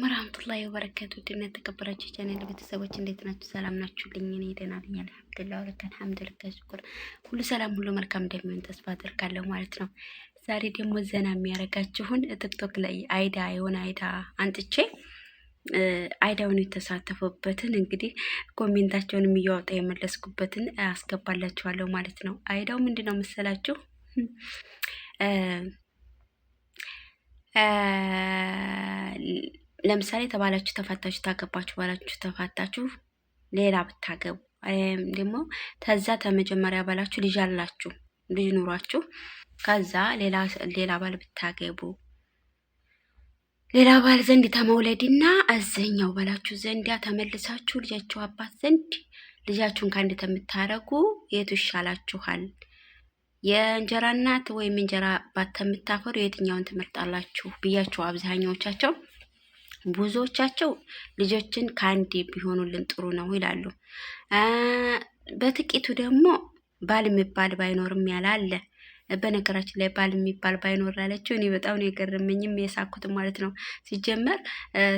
አሰላሙ ረህመቱላሂ ወበረካቱ ድና ተከበራችሁ ቻናል ቤተሰቦች እንዴት ናችሁ? ሰላም ናችሁ? ልኝ እኔ ደህና ነኝ፣ አልሐምዱሊላህ ወለከ አልሐምዱሊላህ ሽኩር ሁሉ ሰላም ሁሉ መልካም እንደሚሆን ተስፋ አድርጋለሁ ማለት ነው። ዛሬ ደግሞ ዘና የሚያደርጋችሁን ቲክቶክ ላይ አይዳ የሆነ አይዳ አንጥቼ አይዳውን የተሳተፉበትን እንግዲህ ኮሜንታቸውንም እያወጣ የመለስኩበትን አስገባላችኋለሁ ማለት ነው። አይዳው ምንድን ነው መሰላችሁ ለምሳሌ ተባላችሁ ተፋታችሁ ታገባችሁ ባላችሁ ተፋታችሁ ሌላ ብታገቡ ደግሞ ተዛ ተመጀመሪያ ባላችሁ ልጅ አላችሁ ልጅ ኑሯችሁ ከዛ ሌላ ሌላ ባል ብታገቡ ሌላ ባል ዘንድ ተመውለድና እዘኛው ባላችሁ ዘንዲያ ተመልሳችሁ ልጃችሁ አባት ዘንድ ልጃችሁን ከአንድ ተምታረጉ የቱ ይሻላችኋል? የእንጀራ እናት ወይም እንጀራ አባት ተምታፈሩ የትኛውን ትመርጣላችሁ ብያችሁ አብዛኛዎቻቸው ብዙዎቻቸው ልጆችን ከአንድ ቢሆኑልን ጥሩ ነው ይላሉ። በጥቂቱ ደግሞ ባል የሚባል ባይኖርም ያለ አለ። በነገራችን ላይ ባል የሚባል ባይኖር ላለችው እኔ በጣም ነው የገረመኝም የሳኩት ማለት ነው። ሲጀመር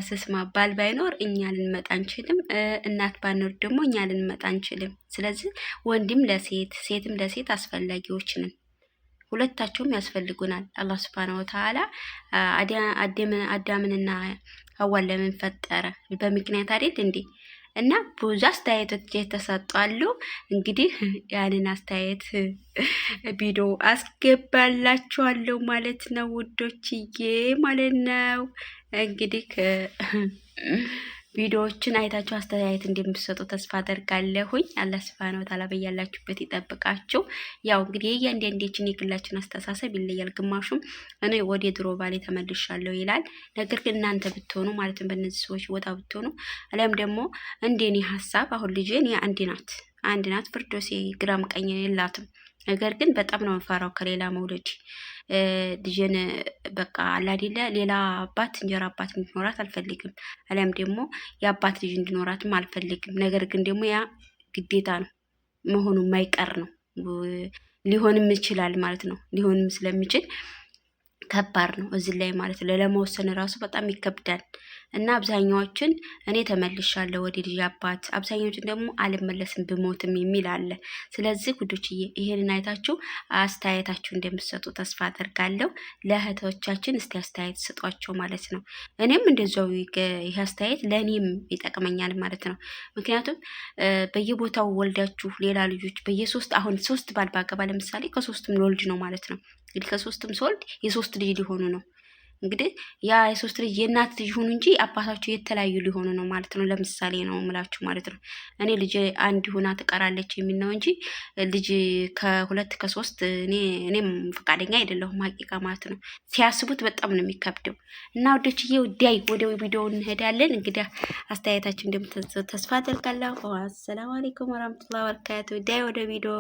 ስስማ ባል ባይኖር እኛ ልንመጣ አንችልም፣ እናት ባይኖር ደግሞ እኛ ልንመጣ አንችልም። ስለዚህ ወንድም ለሴት ሴትም ለሴት አስፈላጊዎች ነን። ሁለታቸውም ያስፈልጉናል። አላህ ስብሐነሁ ወተዓላ አዳምንና ሀዋን ለምን ፈጠረ? በምክንያት አይደል እንዴ? እና ብዙ አስተያየቶች የተሰጧሉ። እንግዲህ ያንን አስተያየት ቪዲዮ አስገባላችኋለሁ ማለት ነው ውዶችዬ ማለት ነው እንግዲህ ቪዲዮዎችን አይታችሁ አስተያየት እንደምትሰጡ ተስፋ አደርጋለሁኝ። አላህ ሱብሃነሁ ወተዓላ በያላችሁበት ይጠብቃችሁ። ያው እንግዲህ የእያንዳንዳችን የግላችን አስተሳሰብ ይለያል። ግማሹም እኔ ወደ ድሮ ባሌ ተመልሻለሁ ይላል። ነገር ግን እናንተ ብትሆኑ ማለትም በእነዚህ ሰዎች ቦታ ብትሆኑ አሊያም ደግሞ እንደኔ ሀሳብ አሁን ልጄ እኔ አንድ ናት አንድ ናት ፍርዶሴ፣ ግራም ቀኝ የላትም። ነገር ግን በጣም ነው የምፈራው ከሌላ መውለድ። ልጅን በቃ አላዲለ ሌላ አባት እንጀራ አባት እንዲኖራት አልፈልግም። አሊያም ደግሞ የአባት ልጅ እንዲኖራትም አልፈልግም። ነገር ግን ደግሞ ያ ግዴታ ነው መሆኑ የማይቀር ነው ሊሆንም ይችላል ማለት ነው ሊሆንም ስለሚችል ከባድ ነው እዚህ ላይ ማለት ነው ለመወሰን ራሱ በጣም ይከብዳል። እና አብዛኛዎችን እኔ ተመልሻለሁ ወደ ልጅ አባት፣ አብዛኛዎችን ደግሞ አልመለስም ብሞትም የሚል አለ። ስለዚህ ጉዶችዬ ይሄንን አይታችሁ አስተያየታችሁ እንደምትሰጡ ተስፋ አደርጋለሁ። ለእህቶቻችን እስቲ አስተያየት ስጧቸው ማለት ነው። እኔም እንደዚያው ይህ አስተያየት ለእኔም ይጠቅመኛል ማለት ነው። ምክንያቱም በየቦታው ወልዳችሁ ሌላ ልጆች በየሶስት አሁን ሶስት ባል ባገባ ለምሳሌ ከሶስቱም ለወልድ ነው ማለት ነው እንግዲህ ከሶስትም ሶልድ የሶስት ልጅ ሊሆኑ ነው። እንግዲህ ያ የሶስት ልጅ የእናት ልጅ ሆኑ እንጂ አባታቸው የተለያዩ ሊሆኑ ነው ማለት ነው። ለምሳሌ ነው ምላችሁ ማለት ነው። እኔ ልጅ አንድ ሆና ትቀራለች የሚል ነው እንጂ ልጅ ከሁለት ከሶስት እኔም ፈቃደኛ አይደለሁም ሀቂቃ ማለት ነው። ሲያስቡት በጣም ነው የሚከብደው። እና ወደችዬ ወዲያይ ወደ ቪዲዮ እንሄዳለን። እንግዲህ አስተያየታችን ተስፋ አደርጋለሁ። አሰላሙ አሌይኩም ወራህመቱላሂ ወበረካቱ። ወዲያይ ወደ ቪዲዮ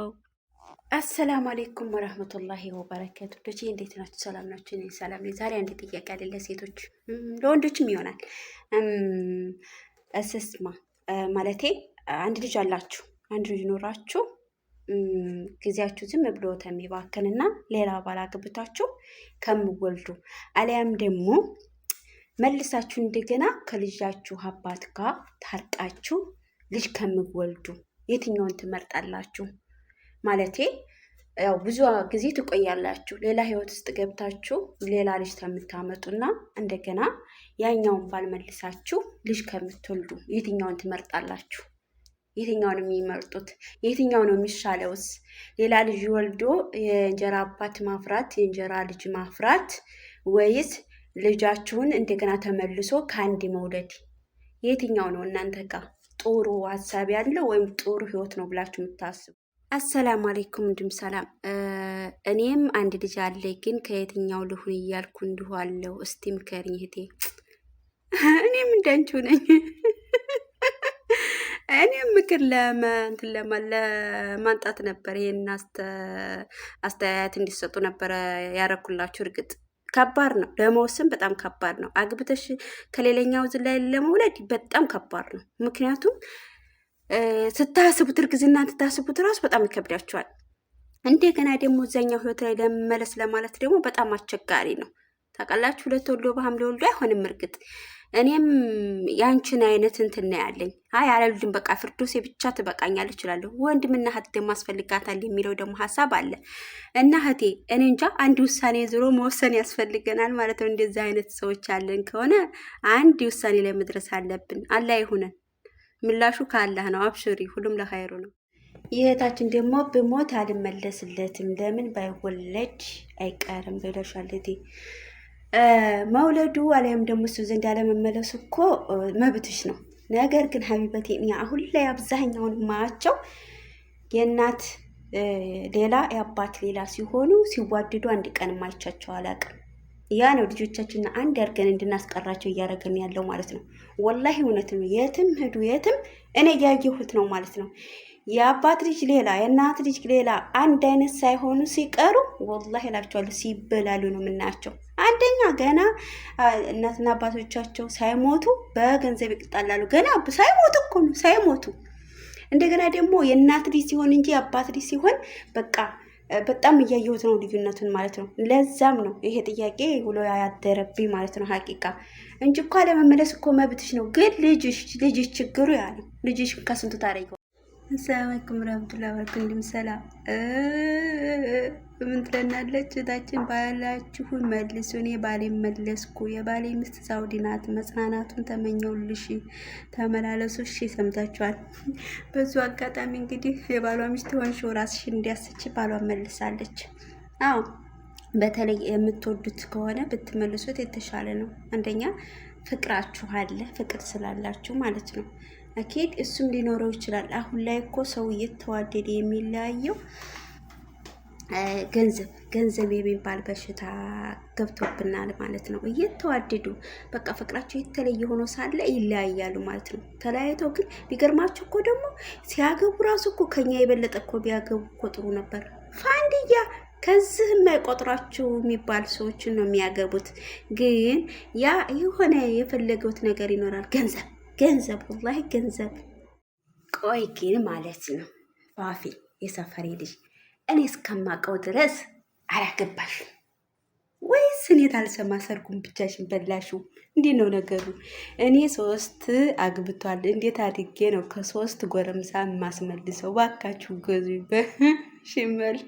አሰላሙ አሌይኩም ወረህመቱላሂ ወበረከቱ። ዶቼ እንዴት ናችሁ? ሰላም ናችሁ? እኔ ሰላም ነኝ። ዛሬ አንድ ጥያቄ አለ ለሴቶች ለወንዶችም ይሆናል። እስስማ ማለቴ አንድ ልጅ አላችሁ አንድ ልጅ ኖራችሁ ጊዜያችሁ ዝም ብሎ የሚባክንና ሌላ ባል አግብታችሁ ከምወልዱ አሊያም ደግሞ መልሳችሁ እንደገና ከልጃችሁ አባት ጋር ታርቃችሁ ልጅ ከምወልዱ የትኛውን ትመርጣላችሁ? ማለቴ ያው ብዙ ጊዜ ትቆያላችሁ። ሌላ ህይወት ውስጥ ገብታችሁ ሌላ ልጅ ከምታመጡና እንደገና ያኛውን ባልመልሳችሁ ልጅ ከምትወልዱ የትኛውን ትመርጣላችሁ? የትኛውን የሚመርጡት? የትኛው ነው የሚሻለውስ? ሌላ ልጅ ወልዶ የእንጀራ አባት ማፍራት፣ የእንጀራ ልጅ ማፍራት ወይስ ልጃችሁን እንደገና ተመልሶ ከአንድ መውለድ? የትኛው ነው እናንተ ጋር ጥሩ ሀሳብ ያለው ወይም ጥሩ ህይወት ነው ብላችሁ የምታስቡ? አሰላሙ አለይኩም እንድም ሰላም። እኔም አንድ ልጅ አለ፣ ግን ከየትኛው ልሁን እያልኩ እንዲሁ አለው። እስቲ ምከሪኝ እህቴ። እኔም እንዳንቺው ነኝ። እኔም ምክር ለመንትን ለማንጣት ነበር። ይህን አስተያየት እንዲሰጡ ነበረ ያረኩላችሁ። እርግጥ ከባድ ነው ለመወሰን፣ በጣም ከባድ ነው። አግብተሽ ከሌላኛው ዝላይ ለመውለድ በጣም ከባድ ነው። ምክንያቱም ስታስቡት እርግዝናን ስታስቡት ራሱ በጣም ይከብዳቸዋል። እንደገና ደግሞ እዛኛው ህይወት ላይ ለመመለስ ለማለት ደግሞ በጣም አስቸጋሪ ነው። ታውቃላችሁ ሁለት ወልዶ ባህም ወልዶ አይሆንም። እርግጥ እኔም ያንቺን አይነት እንትና ያለኝ አይ አለሉድን በቃ ፍርዶሴ ብቻ ትበቃኛለች እችላለሁ። ወንድምና እህት ደግሞ አስፈልጋታል የሚለው ደግሞ ሀሳብ አለ እና እህቴ እኔ እንጃ አንድ ውሳኔ ዞሮ መወሰን ያስፈልገናል ማለት ነው። እንደዚህ አይነት ሰዎች አለን ከሆነ አንድ ውሳኔ ላይ መድረስ አለብን። አላ ይሁነን። ምላሹ ካላህ ነው። አብሽሪ፣ ሁሉም ለኸይሩ ነው። ይህታችን ደግሞ ብሞት አልመለስለትም ለምን ባይወለድ አይቀርም ብለሻል መውለዱ አሊያም ደግሞ እሱ ዘንድ ያለመመለሱ እኮ መብትሽ ነው። ነገር ግን ሀቢበት አሁን ላይ አብዛኛውን ማያቸው የእናት ሌላ የአባት ሌላ ሲሆኑ ሲዋደዱ አንድ ቀን ማይቻቸው አላውቅም። ያ ነው ልጆቻችንን አንድ አድርገን እንድናስቀራቸው እያደረገን ያለው ማለት ነው። ወላሂ እውነት ነው። የትም ሂዱ የትም እኔ እያየሁት ነው ማለት ነው። የአባት ልጅ ሌላ፣ የእናት ልጅ ሌላ፣ አንድ አይነት ሳይሆኑ ሲቀሩ ወላሂ እላቸዋለሁ ሲበላሉ ነው የምናያቸው። አንደኛ ገና እናትና አባቶቻቸው ሳይሞቱ በገንዘብ ይቅጣላሉ። ገና ሳይሞቱ እኮ ነው ሳይሞቱ እንደገና ደግሞ የእናት ልጅ ሲሆን እንጂ የአባት ልጅ ሲሆን በቃ በጣም እያየሁት ነው ልዩነቱን ማለት ነው። ለዛም ነው ይሄ ጥያቄ ውሎ ያደረብኝ ማለት ነው። ሀቂቃ እንጂ እኮ ለመመለስ እኮ መብትሽ ነው። ግን ልጅሽ ልጅሽ ችግሩ ያ ልጅሽ ከስንቱ ታደረጊ አሰላም አለይኩም ወራህመቱላሂ ወበረካቱህ። እንዲም ሰላም ምን ትለናለች እህታችን? ባላችሁ መልሱ፣ እኔ ባሌ መለስኩ። የባሌ ሚስት ሳውዲ ናት። መጽናናቱን ተመኘውልሽ፣ ተመላለሱ። እሺ ሰምታችኋል። በዙ አጋጣሚ እንግዲህ የባሏ ሚስት ሆንሽው ራስሽ እንዲያስች ባሏ መልሳለች። አዎ በተለይ የምትወዱት ከሆነ ብትመልሱት የተሻለ ነው። አንደኛ ፍቅራችሁ አለ፣ ፍቅር ስላላችሁ ማለት ነው። አኬድ እሱም ሊኖረው ይችላል። አሁን ላይ እኮ ሰው እየተዋደደ የሚለያየው ገንዘብ ገንዘብ የሚባል በሽታ ገብቶብናል ማለት ነው። እየተዋደዱ በቃ ፍቅራቸው የተለየ ሆኖ ሳለ ይለያያሉ ማለት ነው። ተለያይተው ግን ቢገርማቸው እኮ ደግሞ ሲያገቡ ራሱ እኮ ከኛ የበለጠ እኮ ቢያገቡ እኮ ጥሩ ነበር። ፋንድያ ከዚህ የማይቆጥራችሁ የሚባል ሰዎችን ነው የሚያገቡት። ግን ያ የሆነ የፈለገውት ነገር ይኖራል ገንዘብ ገንዘብ ወላሂ ገንዘብ። ቆይ ግን ማለት ነው ፋፊ የሰፈሬ ልጅ እኔ እስከማውቀው ድረስ አላገባሽም ወይስ እኔ ታልሰማ ሰርጉን ብቻሽን በላሹ? እንዴት ነው ነገሩ? እኔ ሶስት አግብቷል። እንዴት አድጌ ነው ከሶስት ጎረምሳ የማስመልሰው? ባካችሁ ገዙ በሽመል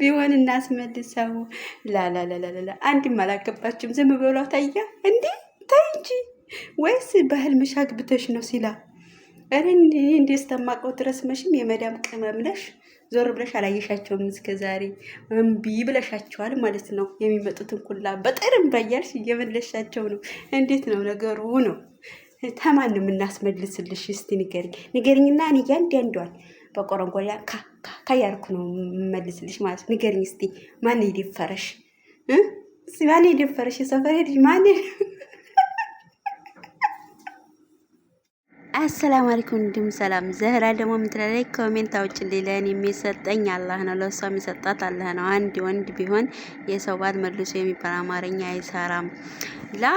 ቢሆን እናስመልሰው። ላላላላላ አንድም አላገባችሁም። ዝም እንዴ ተይ እንጂ ወይስ ባህል መሻግ አግብተሽ ነው ሲላ እኔ እንደ ስተማቀው ድረስ መሽም የመዳም ቅመም ነሽ። ዞር ብለሽ አላየሻቸውም እስከ ዛሬ እምቢ ብለሻቸዋል ማለት ነው። የሚመጡትን ኩላ በጥርም ባያልሽ እየመለሻቸው ነው። እንዴት ነው ነገሩ? ነው ተማን የምናስመልስልሽ? እስቲ ንገሪኝ ንገሪኝና እኔ እያንዳንዷን በቆረንጎላ ካያርኩ ነው የምመልስልሽ ማለት ንገርኝ እስቲ። ማን የደፈረሽ? ማን የደፈረሽ? የሰፈር ልጅ ማን አሰላም አለይኩም እንዲሁም ሰላም። ዘህራ ደግሞ ምትላለች ኮሜንት አውጭልኝ። ለእኔ የሚሰጠኝ አላህ ነው፣ ለእሷ የሚሰጣት አላህ ነው። አንድ ወንድ ቢሆን የሰው ባል መልሶ የሚባል አማርኛ አይሰራም። ላ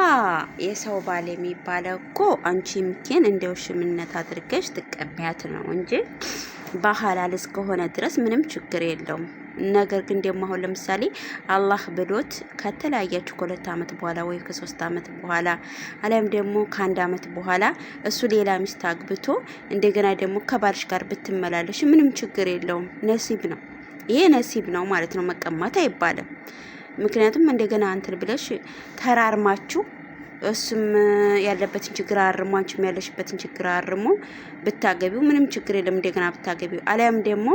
የሰው ባል የሚባለው እኮ አንቺ ምኬን እንደ ውሽምነት አድርገሽ ትቀሚያት ነው እንጂ ባህላል እስከሆነ ድረስ ምንም ችግር የለውም። ነገር ግን ደግሞ አሁን ለምሳሌ አላህ ብሎት ከተለያያችሁ ከሁለት ዓመት በኋላ ወይ ከሶስት አመት በኋላ አለም ደግሞ ከአንድ አመት በኋላ እሱ ሌላ ሚስት አግብቶ እንደገና ደግሞ ከባልሽ ጋር ብትመላለሽ ምንም ችግር የለውም። ነሲብ ነው፣ ይሄ ነሲብ ነው ማለት ነው። መቀማት አይባልም። ምክንያቱም እንደገና አንትን ብለሽ ተራርማችሁ እሱም ያለበትን ችግር አርሞ አንቺም ያለሽበትን ችግር አርሞ ብታገቢው ምንም ችግር የለም። እንደገና ብታገቢው አሊያም ደግሞ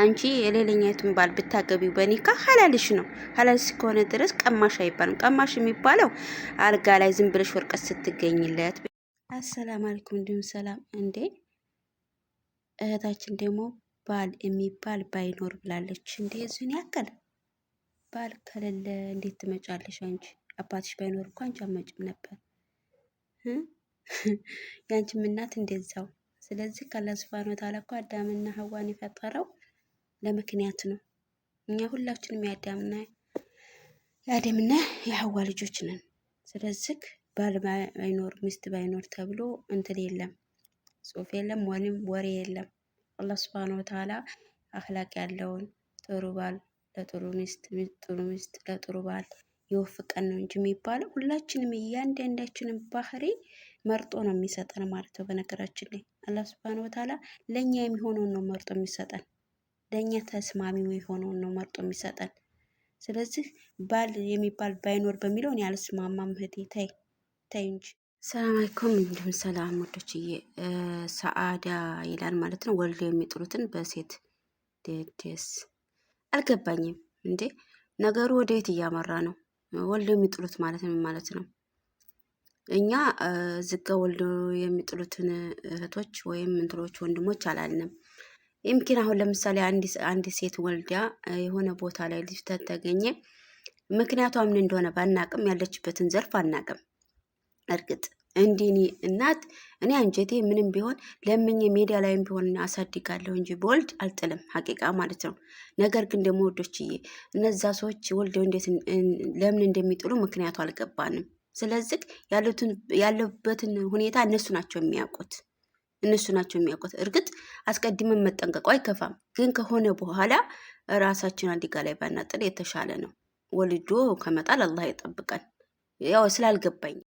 አንቺ የሌላኛይቱን ባል ብታገቢው በኒካ ሀላልሽ ነው። ሀላልሽ ከሆነ ድረስ ቀማሽ አይባልም። ቀማሽ የሚባለው አልጋ ላይ ዝም ብለሽ ወርቀት ስትገኝለት። አሰላም አለይኩም እንዲሁም ሰላም። እንዴ እህታችን ደግሞ ባል የሚባል ባይኖር ብላለች። እንዴ እዚህን ያክል ባል ከሌለ እንዴት ትመጫለሽ አንቺ? አባትሽ ባይኖር እኮ አንቺ አመጭም ነበር። የአንቺም እናት እንደዛው። ስለዚህ አላህ ሱብሃነሁ ወተዓላ እኮ አዳምና ሀዋን የፈጠረው ለምክንያት ነው። እኛ ሁላችንም የአዳምና የአደምና የሀዋ ልጆች ነን። ስለዚህ ባል ባይኖር ሚስት ባይኖር ተብሎ እንትን የለም፣ ጽሑፍ የለም፣ ወንም ወሬ የለም። አላህ ሱብሃነሁ ወተዓላ አክላቅ ያለውን ጥሩ ባል ለጥሩ ሚስት፣ ጥሩ ሚስት ለጥሩ ባል ይወፍቀን ነው እንጂ የሚባለው ሁላችንም እያንዳንዳችንን ባህሪ መርጦ ነው የሚሰጠን ማለት ነው። በነገራችን ላይ አላህ ሱብሃነሁ ወተዓላ ለእኛ የሚሆነውን ነው መርጦ የሚሰጠን፣ ለእኛ ተስማሚው የሆነውን ነው መርጦ የሚሰጠን። ስለዚህ ባል የሚባል ባይኖር በሚለው እኔ አልስማማም። እህቴ ተይ ተይ እንጂ። ሰላም አለይኩም እንዲሁም ሰላም ወዶችዬ። ሰአዳ ይላል ማለት ነው። ወልዶ የሚጥሉትን በሴት ደስ አልገባኝም። እንዴ ነገሩ ወደየት እያመራ ነው? ወልደው የሚጥሉት ማለት ነው ማለት ነው። እኛ ዝጋ ወልደው የሚጥሉትን እህቶች ወይም እንትሮች ወንድሞች አላልንም። ይምኪን አሁን ለምሳሌ አንድ ሴት ወልዳ የሆነ ቦታ ላይ ልጅ ተገኘ፣ ምክንያቷ ምን እንደሆነ ባናቅም ያለችበትን ዘርፍ አናቅም እርግጥ እንዲኒ እናት እኔ አንጀቴ ምንም ቢሆን ለምኝ ሜዳ ላይም ቢሆን አሳድጋለሁ እንጂ በወልድ አልጥልም፣ ሀቂቃ ማለት ነው። ነገር ግን ደግሞ ወዶችዬ እነዛ ሰዎች ወልደው እንዴት ለምን እንደሚጥሉ ምክንያቱ አልገባንም። ስለዚህ ያለበትን ሁኔታ እነሱ ናቸው የሚያውቁት፣ እነሱ ናቸው የሚያውቁት። እርግጥ አስቀድመን መጠንቀቁ አይከፋም፣ ግን ከሆነ በኋላ ራሳችን አደጋ ላይ ባናጥል የተሻለ ነው። ወልዶ ከመጣል አላህ ይጠብቀን። ያው ስላልገባኝ